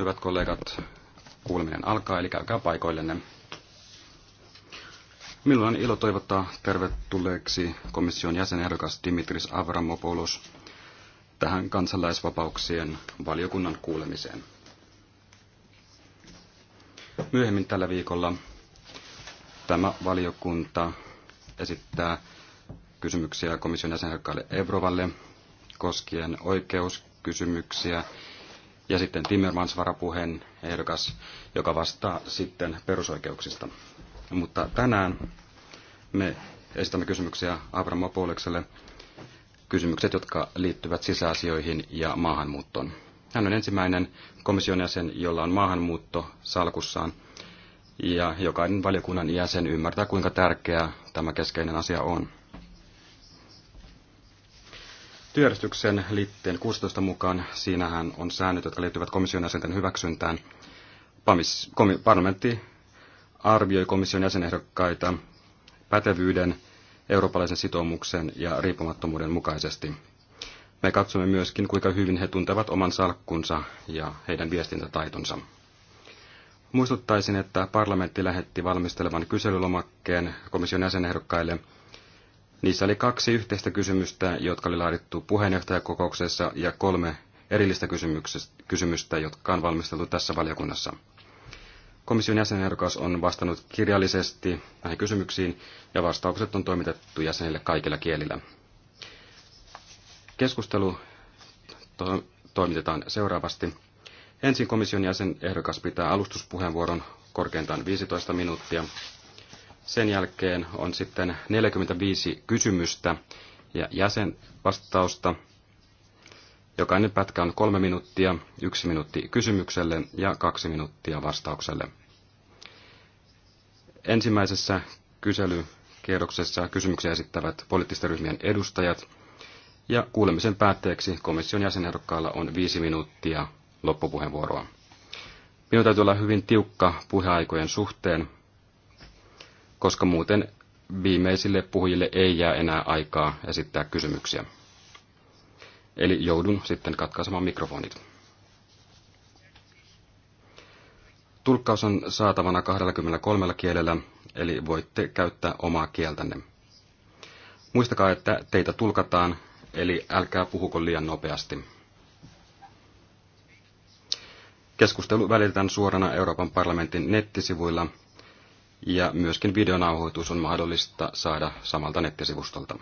Hyvät kollegat, kuuleminen alkaa, eli käykää paikoillenne. Minulla on ilo toivottaa tervetulleeksi komission jäsenehdokas Dimitris Avramopoulos tähän kansalaisvapauksien valiokunnan kuulemiseen. Myöhemmin tällä viikolla tämä valiokunta esittää kysymyksiä komission jäsenehdokkaalle Evrovalle koskien oikeuskysymyksiä ja sitten Timmermans varapuheen ehdokas, joka vastaa sitten perusoikeuksista. Mutta tänään me esitämme kysymyksiä Apolekselle, kysymykset, jotka liittyvät sisäasioihin ja maahanmuuttoon. Hän on ensimmäinen komission jäsen, jolla on maahanmuutto salkussaan, ja jokainen valiokunnan jäsen ymmärtää, kuinka tärkeää tämä keskeinen asia on työjärjestyksen liitteen 16 mukaan. Siinähän on säännöt, jotka liittyvät komission jäsenten hyväksyntään. Pamis, komi, parlamentti arvioi komission jäsenehdokkaita pätevyyden, eurooppalaisen sitoumuksen ja riippumattomuuden mukaisesti. Me katsomme myöskin, kuinka hyvin he tuntevat oman salkkunsa ja heidän viestintätaitonsa. Muistuttaisin, että parlamentti lähetti valmistelevan kyselylomakkeen komission jäsenehdokkaille – Niissä oli kaksi yhteistä kysymystä, jotka oli laadittu puheenjohtajakokouksessa, ja kolme erillistä kysymystä, jotka on valmisteltu tässä valiokunnassa. Komission jäsenehdokas on vastannut kirjallisesti näihin kysymyksiin, ja vastaukset on toimitettu jäsenille kaikilla kielillä. Keskustelu to- toimitetaan seuraavasti. Ensin komission jäsenehdokas pitää alustuspuheenvuoron korkeintaan 15 minuuttia. Sen jälkeen on sitten 45 kysymystä ja jäsenvastausta. Jokainen pätkä on kolme minuuttia, yksi minuutti kysymykselle ja kaksi minuuttia vastaukselle. Ensimmäisessä kyselykierroksessa kysymyksiä esittävät poliittisten ryhmien edustajat ja kuulemisen päätteeksi komission jäsenehdokkaalla on viisi minuuttia loppupuheenvuoroa. Minun täytyy olla hyvin tiukka puheaikojen suhteen, koska muuten viimeisille puhujille ei jää enää aikaa esittää kysymyksiä. Eli joudun sitten katkaisemaan mikrofonit. Tulkkaus on saatavana 23 kielellä, eli voitte käyttää omaa kieltänne. Muistakaa, että teitä tulkataan, eli älkää puhuko liian nopeasti. Keskustelu välitetään suorana Euroopan parlamentin nettisivuilla – ja myöskin videonauhoitus on mahdollista saada samalta nettisivustolta.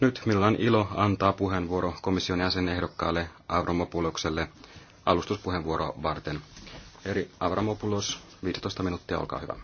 Nyt minulla on ilo antaa puheenvuoro komission jäsenehdokkaalle Avramopulokselle alustuspuheenvuoro varten. Eri Avramopulos, 15 minuuttia, olkaa hyvä.